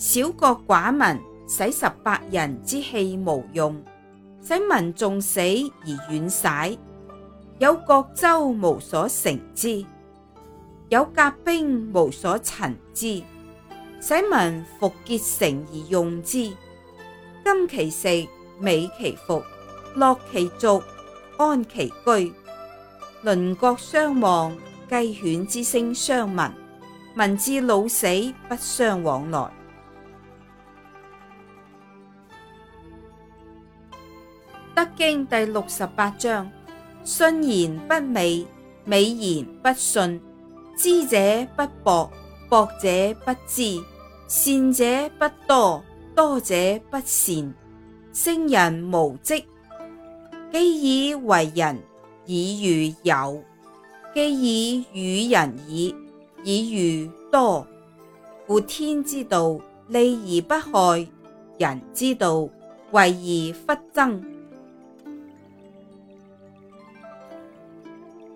小國寡民，使十百人之器無用，使民重死而遠徙。有國周無所乘之，有甲兵無所陳之，使民復結繩而用之。甘其食，美其服，樂其俗，安其居。鄰國相望，雞犬之聲相聞，民至老死不相往來。《德經》第六十八章：信言不美，美言不信；知者不博，博者不知；善者不多，多者不善。聖人無積，既以為人，已愈有；既以與人矣，已愈多。故天之道，利而不害；人之道，為而弗爭。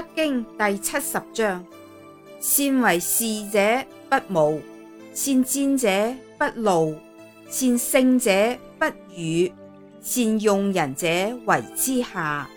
德經第七十章：善為士者不武，善戰者不怒，善勝者不與，善用人者為之下。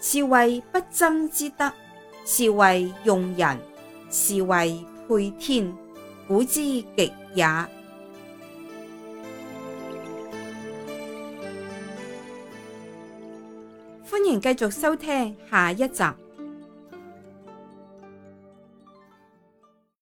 是謂不爭之德，是謂用人，是謂配天，古之極也。歡迎繼續收聽下一集。